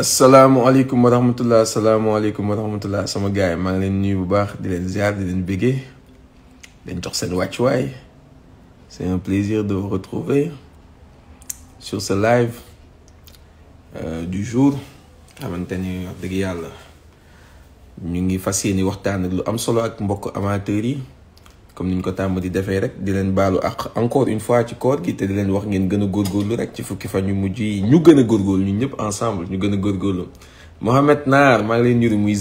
asalaamaaleykum wa rahmatulah asalaamaaleykum wa rahmatulah sama gars yi maa ngi leen nuyu bu baax di leen ziar di leen béggee dañ jox seen wàccuwaay c'est un plaisir de retrouver sur ce live euh, du jour xamante ni wax dëgg yàlla ñu ngi fas yéene waxtaan ak lu am solo ak mbokk amateurs yi. comme ñu ko tàmbali defee rek di leen baalu ak encore une fois ci koor gi te di leen wax ngeen gën a góorgóorlu rek ci fukki fan ñu mujj yi ñu gën a góorgóorlu ñu ñëpp ensemble ñu gën a góorgóorlu Mohamed Naar maa ngi leen yuru muy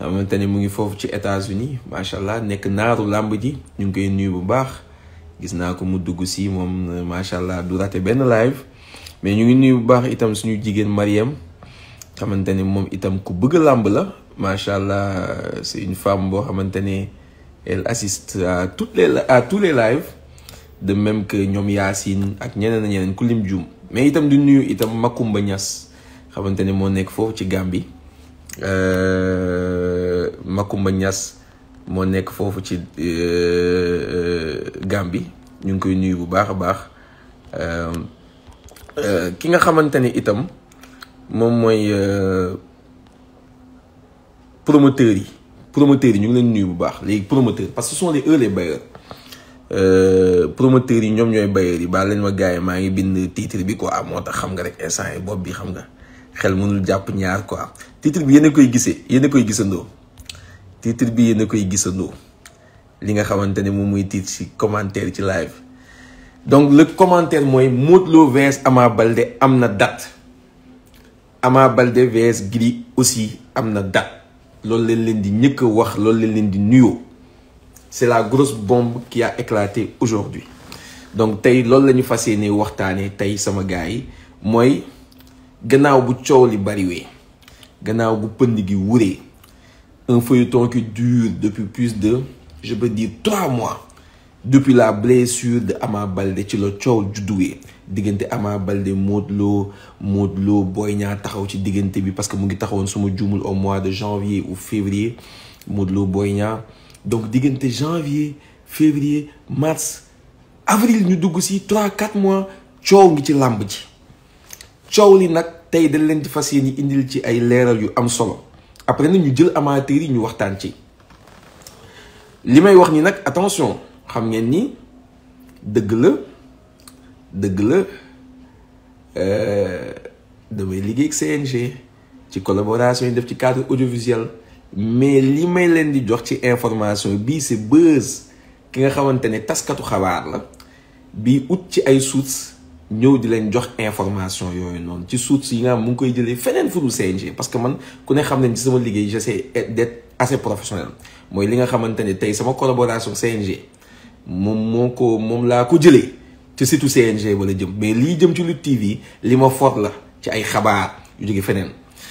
xamante ne mu ngi foofu ci États-Unis macha allah nekk naaru làmb ji ñu ngi koy nuyu bu baax gis naa ko mu dugg si moom macha allah du raté benn live mais ñu ngi nuyu bu baax itam suñu jigéen Mariam xamante ne moom itam ku bëgg làmb la macha allah c'est une femme boo xamante ne. elle assiste à toutes à tous les lives de même que ñoom Yacine ak ñeneen ñeneen ku lim juum mais itam du nuyu itam Makumba Niass xamante ne moo nekk foofu ci Gambie euh, Makumba Niass moo nekk foofu ci euh, euh, Gambie ñu ngi koy nuyu bu baax a baax ki nga xamante ne itam moom mooy promoteurs yi. promoteurs yi ñu ngi leen nuyu bu baax léegi promoteurs parce que ce sont les eux les euh, yi ñoom ñooy bailleurs yi baal leen ma gars yi maa ngi bind titre bi quoi moo tax xam nga rek instant yi bopp bi xam nga xel mënul jàpp ñaar quoi titre bi yéen a koy gisee yéen koy gisandoo titre bi yéen a koy gisandoo li nga xamante ne moom muy titre ci commentaire ci live donc le commentaire mooy Modou Lo vs balde am na date Ama Baldé vs Gris aussi am na date. loolu leen leen di ñëkk wax loolu leen leen di nuyoo c'est la grosse bombe ki a éclaté aujourd'hui donc tey loolu la ñu fas yéene waxtaanee tey sama gars yi mooy gannaaw bu coow li bariwee gannaaw bu pënd gi wuree un feuilleton qui dure depuis plus de je peux dire trois mois depuis la blessure de amaa Baldé ci la coow judduwee diggante amaa Baldé Modou Lo Modou Lo Boy Niang taxaw ci diggante bi parce que mu ngi taxawoon suma juumul au mois de janvier ou février Modou Lo Boy Niang donc diggante janvier février mars avril ñu dugg si trois quatre mois coow ngi ci làmb ji coow li nag tey dañ leen di fas yéene indil ci ay leeral yu am solo après nag ñu jël amateurs yi ñu waxtaan ci li may wax ni nag attention. xam ngeen ni dëgg la dëgg la euh, damay liggéey ak CNG ci collaboration yi def ci cadre audiovisuel mais li may leen di jox ci information bii c'est buzz ki nga xamante ne taskatu xabaar la bii ut ci ay sources ñëw di leen jox information yooyu noonu ci sources yi nga xam mu ngi koy jëlee feneen fu dul CNG parce que man ku ne xam nañ ci sama liggéey j'essaie d'être assez professionnel mooy li nga xamante ne tey sama collaboration CNG moom moo ko moom laa ko jëlee ci surtout CNG wala jëm mais lii jëm ci Lutte TV li ma foot la ci ay xabaar yu jóge feneen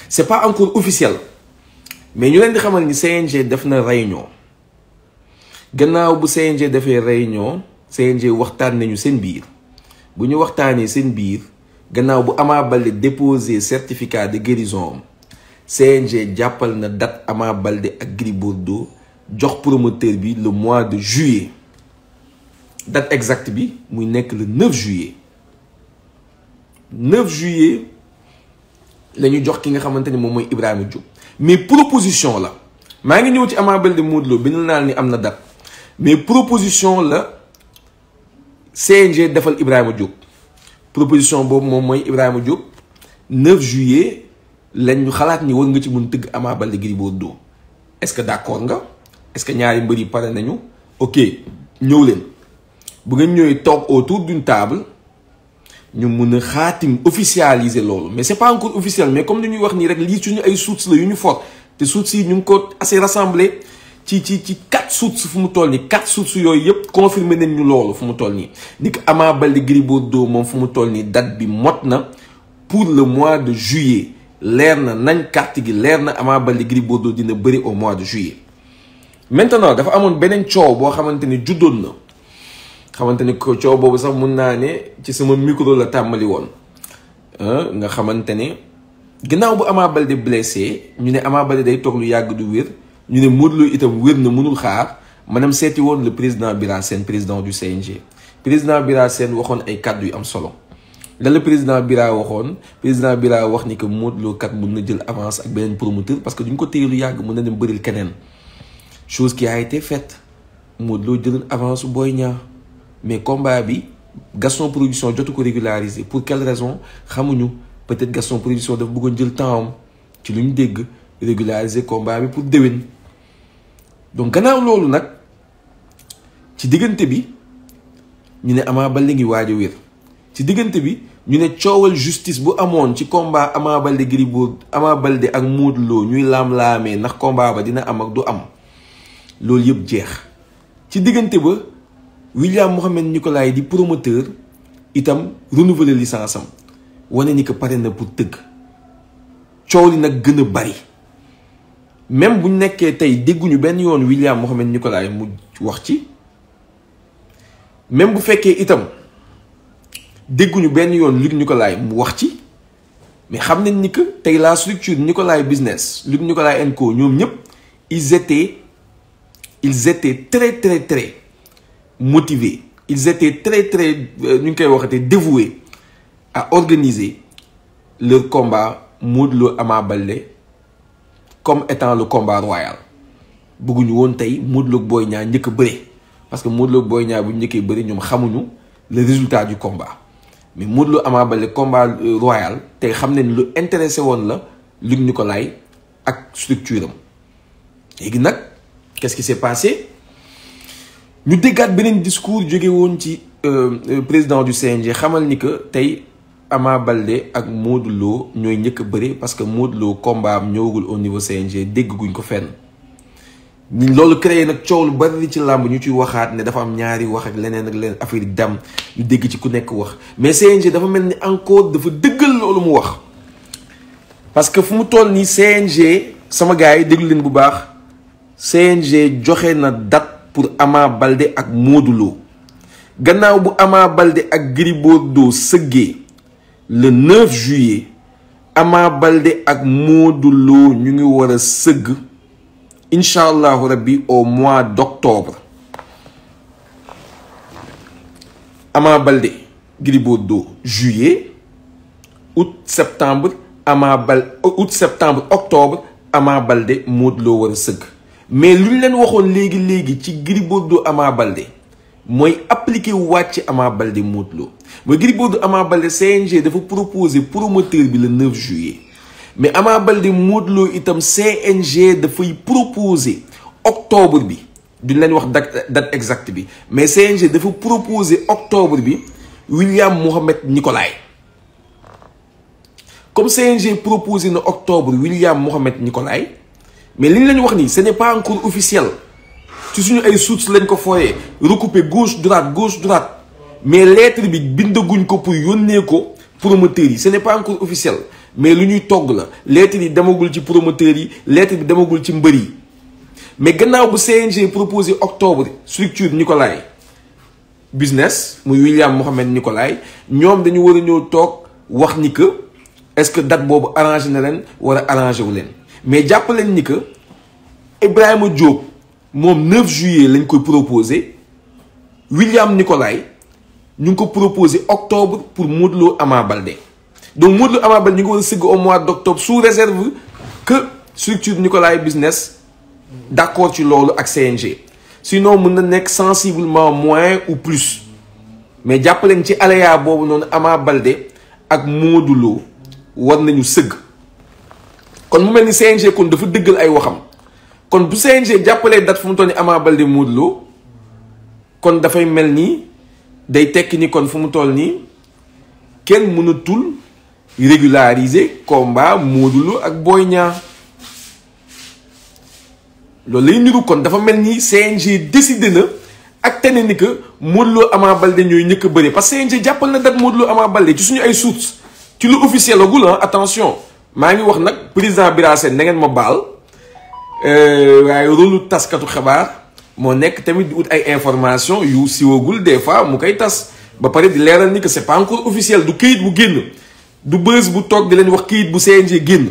c'est pas encore officiel mais ñu leen di xamal ni CNG def na réunion gannaaw bu CNG defee réunion CNG waxtaan nañu seen biir bu ñu waxtaanee seen biir gannaaw bu Ama Baldé déposé certificat de guérison am CNG jàppal na date Ama Baldé ak Gris Bordeaux jox promoteur bi le mois de juillet. date exact bi muy nekk le 9 juillet 9 juillet la jox ki nga xamante ni moom mooy Ibrahima Diop mais proposition la maa ngi ñëw ci Ama Baldé Modou Lo bi ñu naan ni am na date mais proposition la CNG defal Ibrahima Diop proposition boobu moom mooy Ibrahima Diop 9 juillet lañ xalaat ni war nga ci mun tëgg Ama Baldé Gris Bordeaux est-ce que d'accord nga est que ñaari mbër yi pare nañu ok ñëw leen. bu ngeen ñëwee toog autour d'une table ñu mun a xaatim officialiser loolu mais c'est pas encore officiel mais comme ni ñuy wax nii rek lii suñu ay sources la yu ñu foog te sources yi ñu ngi ko assez rassemblé ci ci ci quatre sources fu mu toll nii quatre sources yooyu yëpp confirmé nañ ñu loolu fu mu toll nii ni ko Ama Baldé Gris Bordeaux moom fu mu toll nii date bi mot na pour le mois de juillet leer na nañ carte gi leer na Ama Baldé Gris Bordeaux dina bëri au mois de juillet maintenant dafa amoon beneen coow boo xamante ni juddoon na xamante ni ko coow boobu sax mun naa ne ci sama micro la tàmmali woon ah, nga xamante ne ginnaaw bu amaa Baldé blessé ñu ne amaa Baldé day toog lu yàgg du wér ñu ne Modou Lo itam wér na mënul xaar maanaam seeti woon le président Bira seen président du CNG président Bira seen waxoon ay kàddu yu am solo lan la président Bira waxoon président Bira wax ni que mut loo kat mun na jël avance ak beneen promoteur parce que duñ ko téye lu yàgg mun na dem bëril keneen chose qui a été faite Modou Lo jëlal avance Boy Niang mais combat bi Gaston Production jotu ko régulariser pour quelle raison xamuñu peut-être Gaston Production dafa bëggoon jël temps ci lu ñu dégg régulariser combat bi pour déwén. donc gannaaw loolu nag ci diggante bi ñu ne Ama Baldé ngi waaj a wér ci diggante bi ñu ne coowal justice bu amoon ci combat Ama Baldé Gris Ama Baldé ak Modou Lo ñuy laam-laamee ndax komba ba dina am ak du am loolu yëpp jeex ci diggante ba. William Mohamed Nicolai di promoteur itam renouveler licence am wane ni que pare na pour tëgg coow li nag gën a bari même bu nekkee tey dégguñu benn yoon William Mohamed Nicolai mu wax ci même bu fekkee itam dégguñu benn yoon Luc Nicolai mu wax ci mais xam nañ ni que tey la structure Nicolai business Luc Nicolai and co ñoom ñëpp ils étaient ils étaient très très très. motivés ils étaient très très euh, ñu ngi koy waxatee dévoués à organiser leur combat Modou Lô Ama Baldé comme étant le combat royal bëgguñu woon tey Modou Lô booy Niang njëkk a bëre parce que Modou Lô Boy Niang bu ñu njëkkee bëri ñoom xamuñu le résultat du combat mais Modou Lô Ama Baldé combat euh, royal tey xam ne ni lu intéressé woon la Luc Nicolaï ak structure am léegi nag qu'est-ce qui s'est passé ñu déggaat beneen discours jóge woon ci euh, euh, président du CNG xamal ni que tey Ama Baldé ak Modou Lo ñooy njëkk a bëre parce que Modou Lo combat am ñëwagul au niveau CNG dégg guñ ko fenn. loolu créé nag coow lu bari ci làmb ñu ciy waxaat ne dafa am ñaari leneen ak leneen affaire dam dégg ci ku nekk wax mais CNG dafa mel ni encore dafa dëggal loolu mu wax. parce que fu mu toll nii CNG sama gars yi déglu leen bu baax CNG joxe na date. pour Ama balde ak Modou gannaaw bu Ama Baldé ak Gris Bordeaux sëggee le juillet Ama balde ak Modou ñu ngi war a sëgg incha allahu rabbi au mois d'octobre Ama Baldé Gris Bordeaux juillet août septembre Ama Baldé euh, août septembre octobre Ama Baldé Modou Lo sëgg mais lu ñu leen waxoon léegi léegi ci Gris Bordeaux Ama Baldé mooy appliqué waat ci Ama Baldé Modou Lô mooy Gris Bordeaux Ama Baldé CNG dafa proposé promoteur bi le 9 juillet mais Ama Baldé Modou Lô itam CNG dafay proposé octobre bi duñ leen wax date date exacte bi mais CNG dafa proposé octobre bi William Mohamed Nicolay comme CNG proposé na octobre William Mohamed Nicolay mais li ñu leen wax nii ce n'est pas ci suñu ay sources lañ ko fooyee recoupé gauche droite gauche droite mais lettre bi bindaguñ ko pour yónnee ko promoteurs yi ce n'est pas encore mais lu ñuy togg la lettre yi demagul ci promoteurs yi lettre bi demagul ci mbër yi mais gannaaw bu CNG proposé octobre structure Nicolay business muy William Mohamed Nicolay ñoom dañu war a ñëw toog wax ni que est-ce que date boobu arrangé na leen war a arrangé mais jàpp leen ni que Ibrahima Diop moom 9 juillet lañ koy proposé William Nicolai ñu ngi ko proposé octobre pour Modou Lo Ama Baldé donc Modou Lo Ama ñu ngi war a sëgg au mois d' octobre sous réserve que structure Nicolai business d' accord ci loolu ak CNG sinon mën na nekk sensiblement moins ou plus mais jàpp leen ci aléa boobu noonu Ama Baldé ak Modou war nañu sëgg. kon mu mel ni CNG kon dafa dëggal ay waxam kon bu CNG jàppalee date fu mu toll ni Ama Baldé Modou Lo kon dafay mel nii day tekki ni kon fu mu toll nii kenn mënatul régulariser combat Modou Lo ak Boy ñaar loolu lay niru kon dafa mel ni CNG décidé na ak tene ni que Modou Lo Ama Baldé ñooy ñëkk a bëri parce que CNG jàppal na date Modou Lo Ama Baldé ci suñu ay sources ci lu officiel agul attention maa ngi wax nag président Bira Sène na ngeen ma baal euh, waaye rôlu taskatu xabaar moo nekk tamit di ut ay information yu siwagul des fois mu koy tas ba pare di leeral ni ko c'est pas encore officiel du këyit bu génn du bës bu toog di leen wax këyit bu CNG génn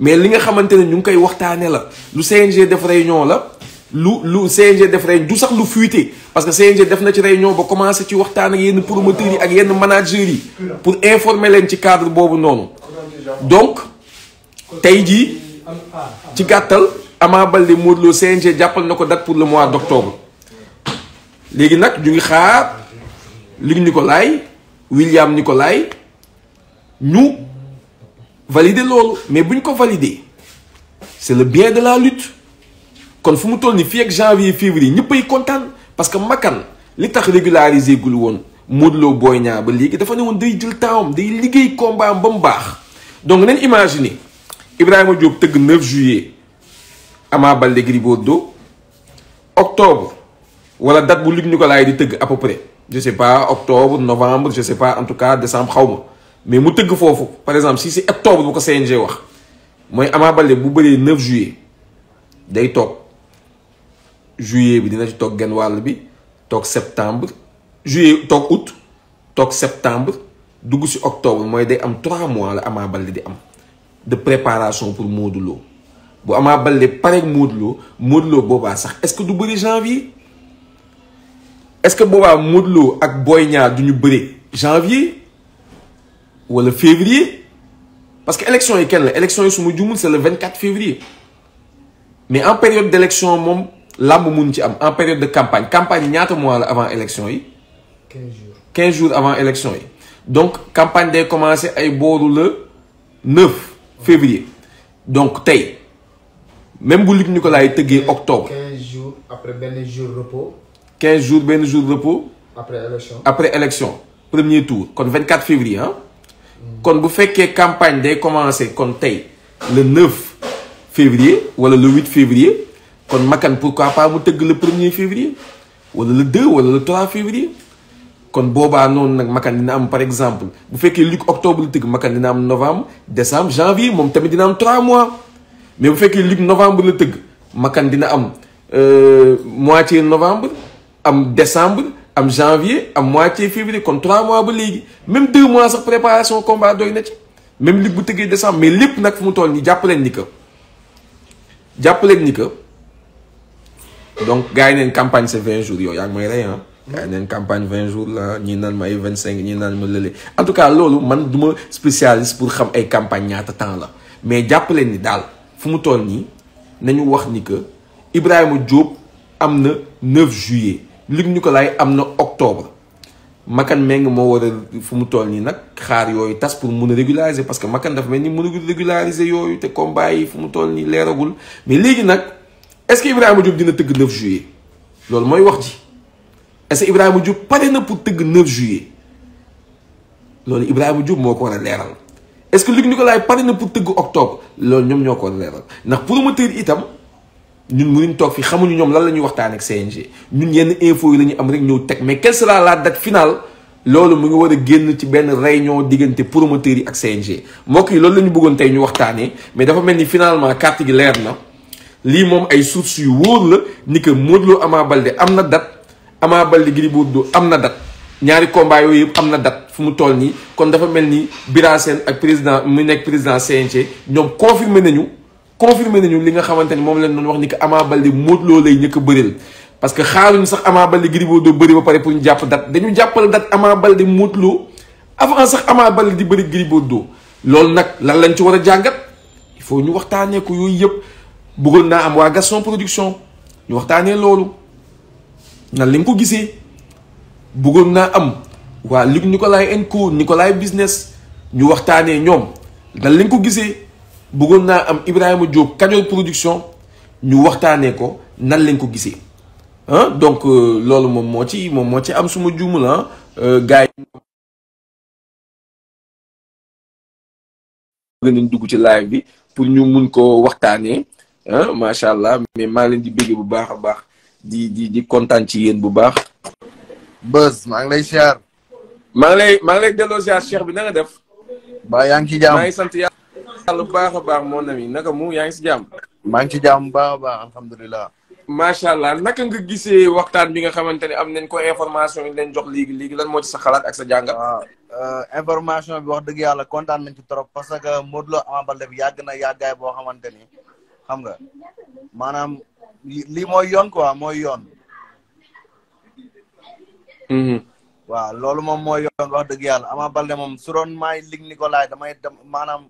mais li nga xamante ne ñu ngi koy waxtaane la lu CNG def réunion la lu lu CNG def réunion du sax lu fuité parce que CNG def na ci réunion ba commencé ci waxtaan ak yenn promoteurs yi ak yenn managers yi pour informer leen ci cadre boobu noonu tey jii ci gàttal Ama Baldé Modou Lo jàppal na ko date pour le mois d'octobre léegi nag ñu ngi xaar Luc Nicolaï William Nicolaï ñu valide loolu mais bu ñu ko valider c'est le bien de la lutte kon fu mu toll nii fii ak janvier février ñëppay kontaan parce que Makan li tax régulariser gul woon Modou Lo Boy ba léegi dafa ne woon day jël temps am day liggéey combat am ba mu baax donc nañ imaginer. Ibrahima Diop tëgg 9 juillet Ama Baldé Gris Bordeaux octobre wala date bu Luc Nicolaï di tëgg à peu près je sais pas octobre novembre je sais pas en tout cas décembre xaw ma mais mu tëgg foofu par exemple si si octobre bu ko CNG wax mooy Ama Baldé bu bëree 9 juillet day toog juillet bi dina ci toog genn wàll bi toog septembre juillet toog août toog septembre dugg si octobre mooy day am 3 mois la Ama Baldé di am. de préparation pour Modou Lo bu Ama Baldé pareeg Modou Lo Modou boobaa sax est-ce que du bëri janvier est-ce que boobaa Modou ak Boy ñaar du ñu bëri janvier wala février parce que élection yi kenn la élection yi su ma jumul c'est le 24 mais en période d'élection moom làmb mun ci am en période de campagne campagne yi ñaata mois la avant élection yi. 15 jours avant élection yi donc campagne day commencer ay booru le février donc tey même bu Luc Nicolaï tëggee octobre. 15 jours après benn jour repos. 15 jours benn jour repos. après élection après élection premier tour kon 24 février ah. kon bu fekkee campagne day commencé kon tey le 9 février wala le 8 février kon Makan pourquoi pas mu tëgg le premier février wala le 2 wala le 3 février. kon boobaa noonu nag Makan dina am par exemple bu fekkee Luc octobre la tëgg Makan dina am novembre décembre janvier moom tamit dina am 3 mois mais bu fekkee Luc novembre la tëgg Makan dina am euh, moitié novembre am décembre am janvier am moitié février kon 3 mois ba léegi même 2 mois sax préparation combat doy na ci même Luc bu tëggee décembre mais lépp nag fu mu toll nii jàppaleen leen ni que jàpp ni que donc gars yi neen campagne c'est 20 jours yooyu yaa ngi may rey ah. yaa neen campagne vingt jours la ñii naan ma ay vingt cinq ñii naan ma lële en tout cas loolu man du ma spécialiste pour xam ay campagne ñaata temps la mais jàpp leen ni daal fu mu toll nii nañu wax ni que Ibrahima Diop am na 9 juillet Luc Nicolaï am na octobre Makan Meng moo war a fu mu toll nii nag xaar yooyu tas pour mun a régulariser parce que Makan dafa mel ni mënagul régulariser yooyu te combat yi fu mu toll nii leeragul mais léegi nag est-ce que Ibrahima Diop dina tëgg 9 juillet loolu mooy wax ji. est-ce que Ibrahima Diop pare na pour tëgg 9 juillet loolu Ibrahima Diop moo ko war a leeral est-ce que ko Nicolaï pare na pour tëgg octobre loolu ñoom ñoo ko war a leeral ndax promoteur itam ñun mënuñ toog fi xamuñu ñoom lan la ñuy waxtaan ak ñun yenn info yi la ñu am rek ñëw teg mais quelle sera la date finale loolu mu ngi war a génn ci benn réunion diggante promoteurs yi ak CNG mbokk yi loolu lañu ñu bëggoon tey ñu waxtaanee mais dafa mel ni finalement carte gi leer na lii moom ay sources yu wóor la ni que Modou Lo Ama am na date. Ama Baldé Gris Bordeaux am na dat ñaari combat yëpp am na date fu mu toll nii kon dafa mel ni Bira Sène ak président mu nekk président CNG ñoom confirmé nañu confirmé nañu li nga xamante ni moom leen doon wax ni que Ama Baldé Modou Lô lay ñëkk a bëreel parce que ñu sax Ama Baldé Gris Bordeaux bëri ba pare pour ñu jàpp date dañu jàppal date Ama Baldé Modou Lô avant sax Ama Baldé di bëri Gris Bordeaux loolu nag lan lañ ci war a jàngat il faut ñu waxtaanee ko yooyu yëpp bëggoon naa am waa Gaston production ñu waxtaanee loolu. nan lañ ko gisee bëggoon naa am waa Luc Nicolaï and Co Nicolaï business ñu waxtaanee ñoom nan lañ ko gisee bëggoon naa am Ibrahima Diop Kajoor production ñu waxtaanee ko nan lañ ko gisee ah donc euh, loolu moom moo ci moom moo ci am suma juumul ah gars yi bëgg nañ dugg ci live bi pour ñu mun ko waxtaanee ah macha allah mais maa leen di bëgg bu baax a baax di di kontaan ci yéen bu baax. Buzz maa ngi lay siyaar. maa ngi lay maa ngi lay delloo siyaar Cheikh bi na def. ba yaa ngi ci jàmm maa ngi sant yàlla bu baax a baax mon mi naka mu yaa ngi si jàmm. maa ngi ci jàmm bu baax a baax alhamdulilah. macha allah naka nga gisee waxtaan bi nga xamante ne am nañ ko information yi leen jox léegi léegi lan moo ci sa xalaat ak sa jàngat. Euh, information bi wax dëgg yàlla kontaan nañ trop parce que Modou Lo Ama Baldé bi yàgg na boo xamante ni xam nga maanaam. lii mooy yoon quoi mooy yoon. Mm-hmm. waa loolu moom mooy yoon wax dëgg yàlla Ama Baldé moom su doon maay lig Nicolas damay dam maanaam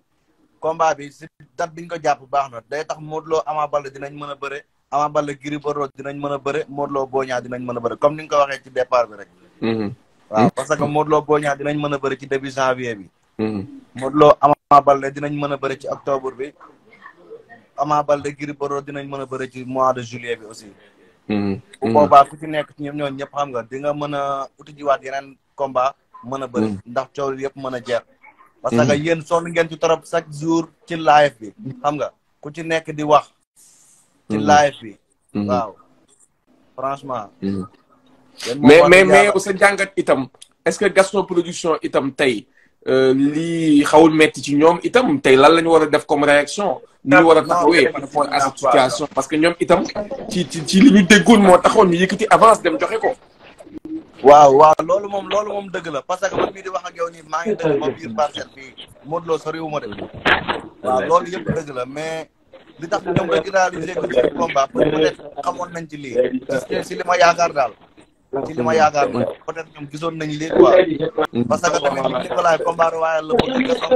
combat bi si date biñ ko jàpp baax na day tax Modou loo Ama Baldé dinañ mën a bëre Ama Baldé Gris dinañ mën a bëre Modou Lo Boy Niang mën a bëre comme ni nga ko waxee ci départ bi rek. Mm-hmm. waaw parce que Modou Lo Boy dinañ mën a bëre ci début janvier bi. Mm-hmm. Modou Lo Ama Baldé dinañ mën a bëre ci octobre bi. Ama Baldé Gris Bordeaux dinañ mën a bëri ci mois de juillet bi aussi. Mm-hmm. bu mm-hmm. boobaa ku ci nekk ci ñoom ñooñu ñëpp xam nga di nga mën a uti jiwaat yeneen combat mën a bëri mm-hmm. ndax coow yëpp mën a jeex. parce que yéen sonn ngeen ci trop chaque jour ci live bi xam nga ku ci nekk di wax. ci live bi. waaw franchement. mais mais mais yow sa jàngat itam est-ce que Gaston production itam tey. Euh, lii xawul metti ci ñoom itam tey lan la ñu war a def comme réaction ñu war a taxawee par rapport parce que ñoom itam ci ci ci li ñu déggoon moo taxoon ñu yëkkati avance dem joxe ko waaw waaw loolu moom loolu moom dëgg la parce que man di wax a yow nii maa ngi dëgg ma biir parcelle bi Modou de soriwu ma de waaw loolu yëpp dëgg la mais li tax ñoom rek réalisé ko ci combat peut-être li ma yaakaar daal ci li ma yaakaar ne peut-être ñoom gisoon tamit Nicolas combat royal la bëgg la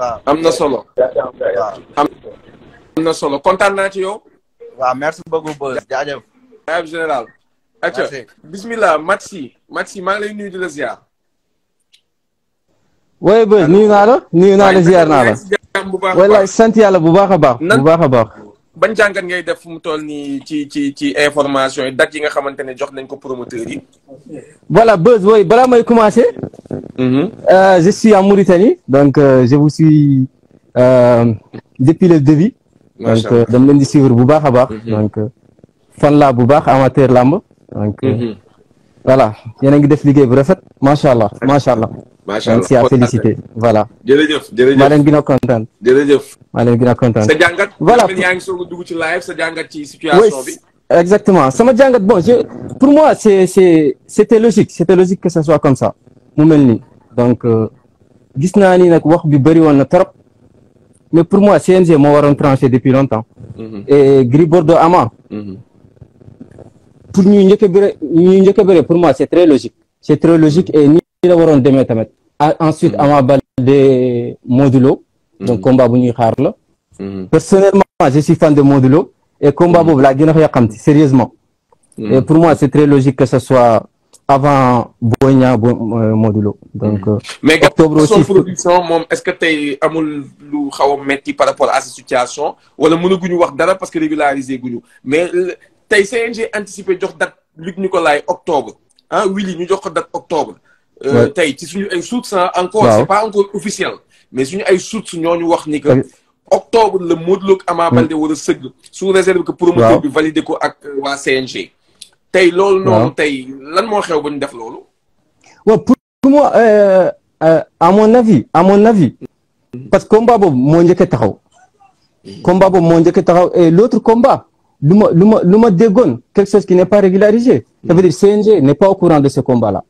waaw. am na solo. waaw solo kontaan naa ci yow. waaw merci beaucoup Beuz jaajëf. jaajëf général. merci bismillah match yi match yi maa ngi lay nuyu di la ziar. waaye Beuz nuyu naa la nuyu naa la ziar naa la. wallaay sant yàlla bu baax a baax bu baax a baax. ban jàngat ngay def fu mu toll nii ci ci ci information yi date yi nga xamante ne jox nañ ko promoteur yi. voilà Buzz booy balaa may commencer. Mhm. Euh, je suis en Mauritanie donc euh, je vous suis euh, depuis le donc euh, dama di suivre bu baax a baax. Mhm. donc euh, fan laa bu baax amateur làmb donc. Mhm. voilà yéen a ngi def liggéey bu rafet macha allah macha allah. macha allah si à félicité voilà. jërëjëf jërëjëf maa leen gën a kontaan. jërëjëf maa a kontaan. sa jàngat voilà yaa ngi soog a dugg ci live sa jàngat ci situation bi. exactement sama jàngat bon pour moi c'est c'est c'était logique c'était logique que ce soit comme ça mu mel nii donc euh, gis naa ni nag wax bi bëri woon na trop mais pour moi CNG moo waroon tranché depuis longtemps. Mhm. et Gris Bordeaux Ama. Mhm. pour ñuy njëkk a bëre ñuy njëkk a pour moi c'est très logique. c'est très logique et la waroon demee tamit ensuite mm. Ama Baldé Modou Lô mm. donc combat bu ñuy xaar la mm. personnellement je suis fan de Modou Lô et combat boobu la gën a yàqamti sérieusement et pour moi c'est très logique que ce soit avant Boy Niang bo euh, Modou Lô donc euh, mais octobre aussi production moom est-ce que tey amul lu xaw a metti par rapport à cette situation wala mënaguñu wax dara parce que régulariser guñu mais tey CNG anticipé jox date Luc Nicolaï octobre ah ñu jox Euh, tey ci suñu ay sources encore c'est pas mais suñu ay sources ñooñu wax ni que octobre la Modou Lo ak Ama mm. Baldé war a sëgg sous réserve que promoteur bi validé ko ak euh, waa CNG tey loolu noonu tey lan moo xew ba ñu def loolu waaw pour moi euh, à mon avis parce que combat moo njëkk a taxaw combat boobu moo njëkk taxaw et l'autre combat lu ma lu ma lu ma déggoon quelque chose qui n'est pas régularisé ça veut dire CNG n'est pas au courant de ce combat là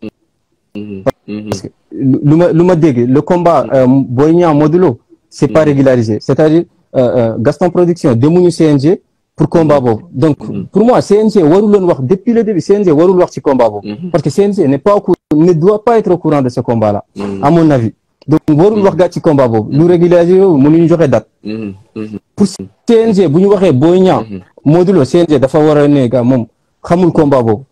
parce que lu ma lu ma dégg le combat euh, Boy Niang Modou Lo c'est pas mm. régularisé c'est-à-dire euh, euh, Gaston Production demuñu CNG pour combat mm. boobu donc mm. pour moi CNG warul loon wax depuis le début CNG warul wax ci combat boobu mm-hmm. parce que CNG n'est pas au courant ne doit pas être courant de ce combat là à mon avis donc warul wax gaa ci combat boobu lu régularisé boobu mënuñu joxe date mm-hmm. Mm-hmm. pour CNG bu ñu waxee Boy ñaam Modou Lo CNG dafa war a ne gaa moom xamul combat boobu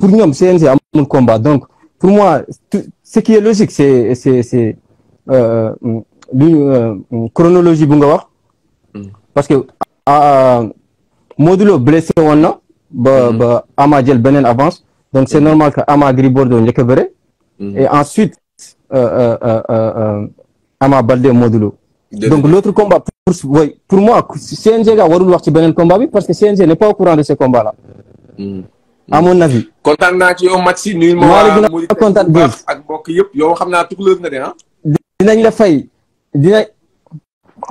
pour ñoom CNG amul combat donc pour moi tout, ce qui est logique c'est euh, euh, chronologie bu nga wax mm. parce que Modou Lo blessé woon na ba mm-hmm. ba Ama jël beneen avance donc c'est mm-hmm. normal que Ama Gris Bordeaux njëkk a mm-hmm. et ensuite euh, euh, euh, Ama Baldé Modou Lo donc l'autre combat pour pour moi CNG ga warul wax ci beneen combat bi parce que CNG n'est pas au courant de ce combat là mm. à mon avis. kontaan naa ci yow Maxi nuyu ma waa Mourid baax ak yëpp yow xam naa tukulóor nga de ah? dinañ la fay dinañ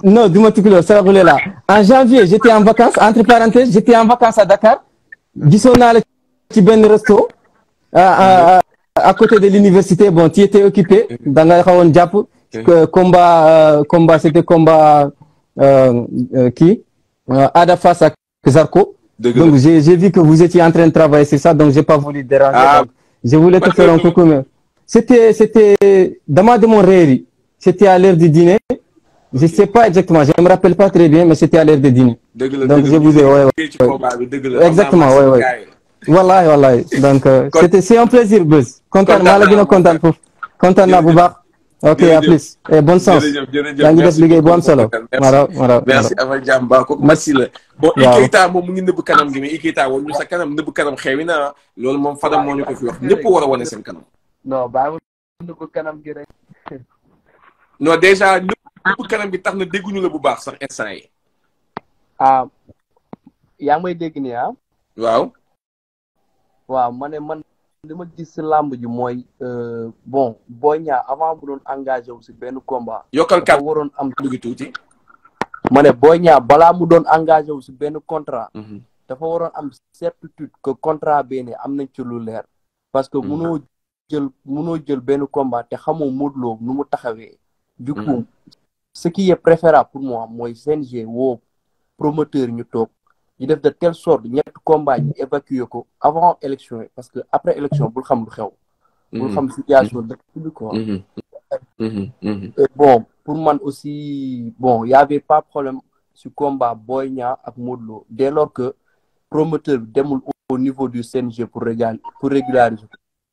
non du ma tukulóor saraxule la en janvier j'étais en vacances entre parenthèses j'étais en vacances à Dakar gisoon naa la ci benn resto à côté de l'université bon tu étais occupé da nga xawoon jàpp. combat euh, combat c'était combat kii euh, euh, Ada Fass ak Zarko. donc j'ai vu que vous étiez en train de travailler sur ça donc j'ai pas voulu déranger. Ah. je voulais te faire un coucou mais c'était c'était dama demoon réeri c'était à l'heure du dîner je sais pas exactement je me rappelle pas très bien mais c'était à l'heure du dîner. donc je vous exactement waaw waaw. donc euh, c'était un plaisir Buzz. kontaan maa la gën a kontaan foofu kontaan naa bu ok à plus et eh, bonne chance ngi def liggéey bu am solo maraw maraw merci Ama Thiam Bakok merci la bon Ikeyta moom mu ngi nëbb kanam gi mais Ikeyta woon ñu sa kanam nëbb kanam xeewi naa loolu moom Fadam moo ñu ko fi wax ñëpp war a wane seen kanam non bàyyi nëbb kanam gi rek non déjà nëbb kanam gi tax na dégguñu la bu baax sax instant yi ah yaa ngi dégg nii ah waaw waaw ma man li ma gis si làmb ji mooy euh, bon Boy Niang avant mu doon engagé wu si benn combat. yokkal kat waroon am dugg tuuti. ma ne Boy Niang balaa mu doon engagé wu si benn contrat. Mhm. dafa waroon am certitude que contrat bee ne am nañ ci lu leer. parce que mhm. munoo jël munoo jël benn combat te xamoo Modou Lo nu mu taxawee. du mhm. coup ce qui est préférable pour moi mooy CNG woo promoteur ñu toog. ñu def de telle sorte ñett combat ñu ko avant élection yi parce que après élection bul xam lu xew. bul xam mhm. situation dëkk bi quoi. Mhm. Mhm. bon pour man aussi bon y avait pas problème sur combat Boy ak Modou Lo dès lors que promoteur bi demul au niveau du CNG pour régul pour régulariser.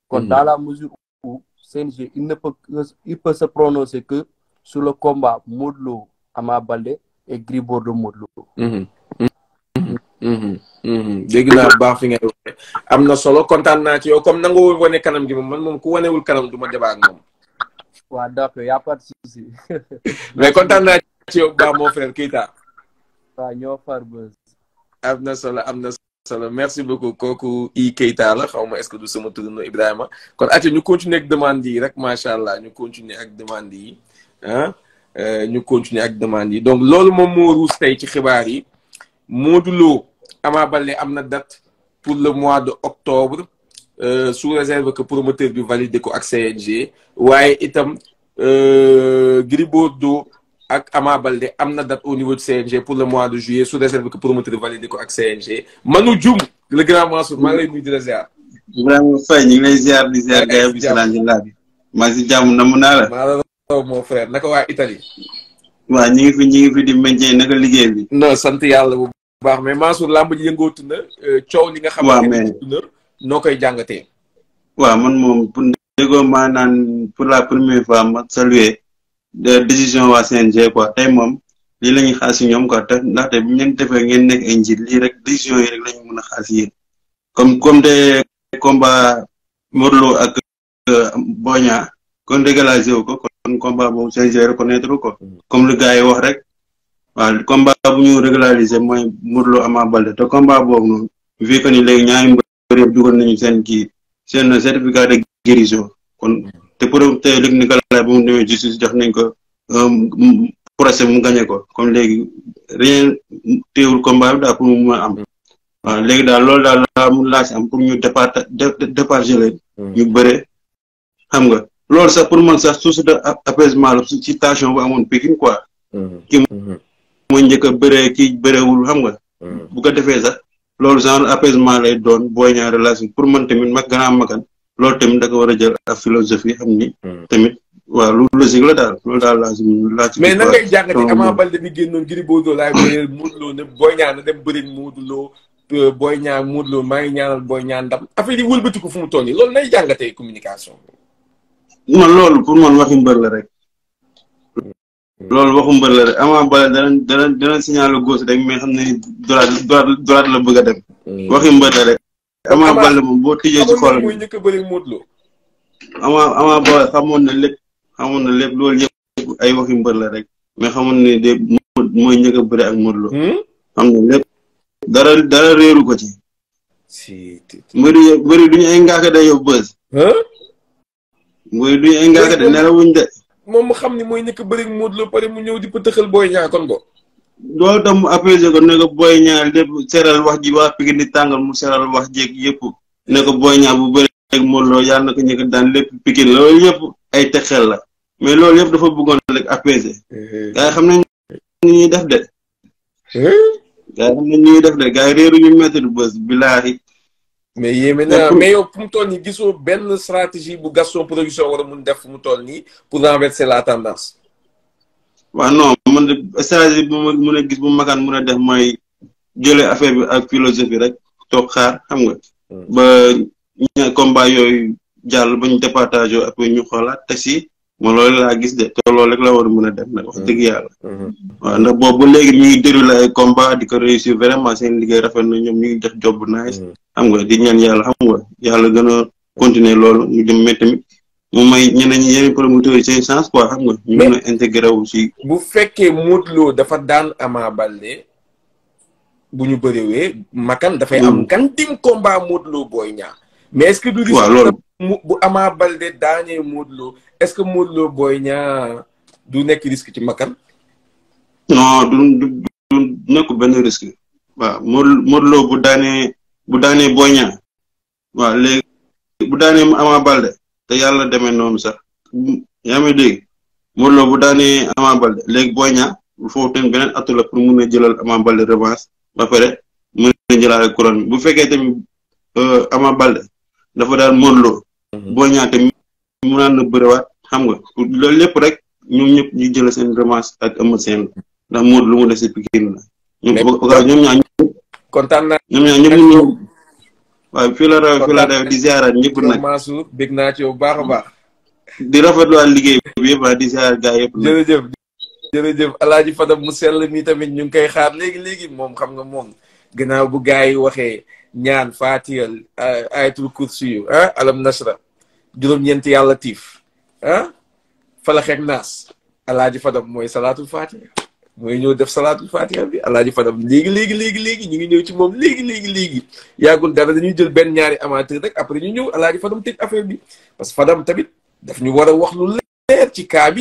kon dans la mesure où CNG il ne peut se prononcer que sur le combat Modou Lo Ama Baldé et Gris Bordeaux Modou Mm-hmm. Mm-hmm. dégg naa baax fi ngay waxee am na solo kontaan naa ci yow comme nangu wane kanam gi moom man moom ku wanewul kanam du ma débat ak moom. waaw d'accord y a pas de mais kontaan naa ci yow baax mon frère Keita. waaw ñoo far buzz. am na solo am na solo merci beaucoup kooku i Keita la xaw ma est du sama tur Ibrahima kon ati ñu continuer ak demande yi rek macha allah ñu continuer ak demande yi ah euh, ñu continuer ak demande yi donc loolu moom moo ruus tey ci xibaar yi. Modou Lo Ama Baldé am na date pour le mois de octobre euh, sous réserve que promoteur bi validé ko ak CNG waaye itam euh, ak Ama Baldé am na date au niveau du CNG pour le mois de juillet sous réserve que promoteur validé ko ak CNG Manu Dioum le grand Mansour maa ngi lay nuyu di la ziar. Ibrahima Faye ñu ngi lay ziar di ziar gars yi maa si jàmm namu naa la. mon frère naka waa Italie. waaw ñu fi ñu fi di meññee naka liggéey bi. non sant baax mais Mansour la ji yëngootu na euh, coow li nga xam ne na noo koy jàngatee waaw man moom pour déggoo maa naan pour la première fois ma saluer décision waa CNG quoi tey moom lii la ñuy xaar si ñoom quoi te ndaxte bu ngeen defee ngeen nekk ay njiit rek décision yi rek la ñu mën a xaar comme comme de combat Modou Lo ak euh, Boy Niang kon régulariser wu ko kon combat boobu CNG reconnaître ko mm-hmm. comme lu gars wax rek waaw combat bu ñu régulariser mooy Modou Ama Baldé te combat boobu noonu vu que ni léegi ñaari mbër yëpp dugal nañu seen kii seen certificat a guérison kon te pour te Luc Nicolaï bu mu demee justice jox nañ ko euh, procès mu gagné ko kon léegi rien teewul combat bi daal pour mu mën a am waaw léegi daal loolu daal laa mun laa si am ñu départ déparger leen hmm. ñu bëre xam nga loolu sax pour man sax source de apaisement la ci tension bu amoon Pikine quoi hmm. mooy njëkk a bëree kii bëreewul xam nga. Hmm. bu ko defee sax loolu genre apaisement lay doon booy ñaar relation pour man tamit mag grand makan loolu tamit da war a jël ak philosophie xam ni. Hmm. tamit waaw lu logique la daal loolu daal laa si laa ci. mais nan ngay jàngatee Ama Baldé bi génnoon Gris Bordeaux laay bëreel Modou Lo ne booy ñaar na dem bëri Modou Lo euh, booy ñaar Modou Lo maa ngi ñaanal ndam affaire yi wëlbatiku fu mu toll nii loolu nay jàngatee communication. ma loolu pour man waxi mbër la rek. loolu waxu mbër la rek Ama Baldé danañ danañ danañ signaler góos rek mais xam ne doraat doraat doraat la bëgg a dem. Mm. waxi mbër la rek. Ama Baldé moom boo tijjee ci njëkk a bëri Lo. Ama Ama Baldé xamoon na lépp xamoon na lépp loolu yëpp ay waxi mbër rek mais xamoon ne de mooy njëkk a bëri ak Modou Lo. Hmm? xam na lépp dara dara réeru ko ci. ay ngaaka de yow bës. mbër yi duñu ay ngaaka de nelawuñ de. moom mu xam ni mooy ñëkk bëri Modou Lo pare mu ñëw di pëtëxal Boy Niang kon ko loolu tam mu apaiser ko ne booy Boy Niang lépp wax ji waa Pikine di tàngal mu seral wax jeeg yëpp ne ko Boy Niang bu bëri ak Modou Lo yàlla na ko ñëkk daan lépp Pikine loolu yëpp ay texel la mais loolu yëpp dafa bëggoon rek apaiser eh. gaa yi xam na eh. ni ñuy def de gaa yi xam ñuy def de gaa yi réeruñu méthode bës bilaahi mais yéeme na mais yow fu mu toll nii gisoo benn stratégie bu Gaston Production war a mun def fu mu toll nii pour renverser la tendance. waaw non man de stratégie bu ma mën a gis bu makaan mën a def mooy jëlee affaire bi ak philosophie rek toog xaar xam nga. Hmm. ba ñu combat yooyu jàll ba ñu a après ñu xoolaat te ma loolu laa gis de te loolu rek la war a mën a def nag wax dëgg yàlla. Mm-hmm. waaw ndax boobu ba léegi ñu ngi déroulé ay combat di ko réussir vraiment seen liggéey rafet na ñoom ñu ngi def job bu nice. Mm-hmm. xam nga di ñaan yàlla xam nga yàlla gën a continuer loolu ñu dem mais tamit mu may ñeneen ñi xam nga. ñu mën a intégré wu si. bu fekkee Modou Lo dafa daan Ama Baldé bu ñu bëriwee. Makan dafay mm. am. gantim combat Modou Lo Boy Niang mais mu bu Ama Baldé daanee Modou Lo ce que Modou Lo Boy Niang du nekk risque ci Makan. non du du du nekkul benn risque. waaw Modou Modou Lo bu daanee bu daanee Boy Niang waaw bu daanee Ama Baldé te yàlla demee noonu sax yaa ngi dégg bu daanee Ama Baldé léegi Boy Niang foofu tamit beneen atu la pour mun a Ama Baldé revanche ba pare mun a jëlaale couronne bu fekkee tamit euh, Ama Baldé dafa daan Modou Mhm. boo ñaate mu naan na bëriwaat xam nga loolu lépp rek ñoom ñëpp ñu jël seen revanche ak seen na la ndax lu mu dese Pikine la ñoom ñoom ñaa ñëpp kontaan a ñoom ñaa ñëpp ñu waaw fii la raw fii la raw di bég naa ci bu baax a baax di rafetlu waa liggéey bi yëpp di ziaraat gaa yëpp nag jërëjëf jërëjëf alaaji Fadam mu sell ni tamit ñu ngi koy xaar léegi-léegi moom xam nga moom gannaaw bu gaa yi waxee ñaan faatiyal ayatul kursi yu ah alam nasra juróom-ñeenti yàlla tiif ah falaxeek naas alaaji fadam mooy salaatul fatiha mooy ñëw def salaatul fatiha bi alaaji fadam léegi léegi léegi léegi ñu ngi ñëw ci moom léegi léegi léegi yàggul dara dañuy jël benn ñaari amateur rek après ñu ñëw alaaji fadam tëj affaire bi parce que fadam tamit daf ñu war a wax leer ci kaa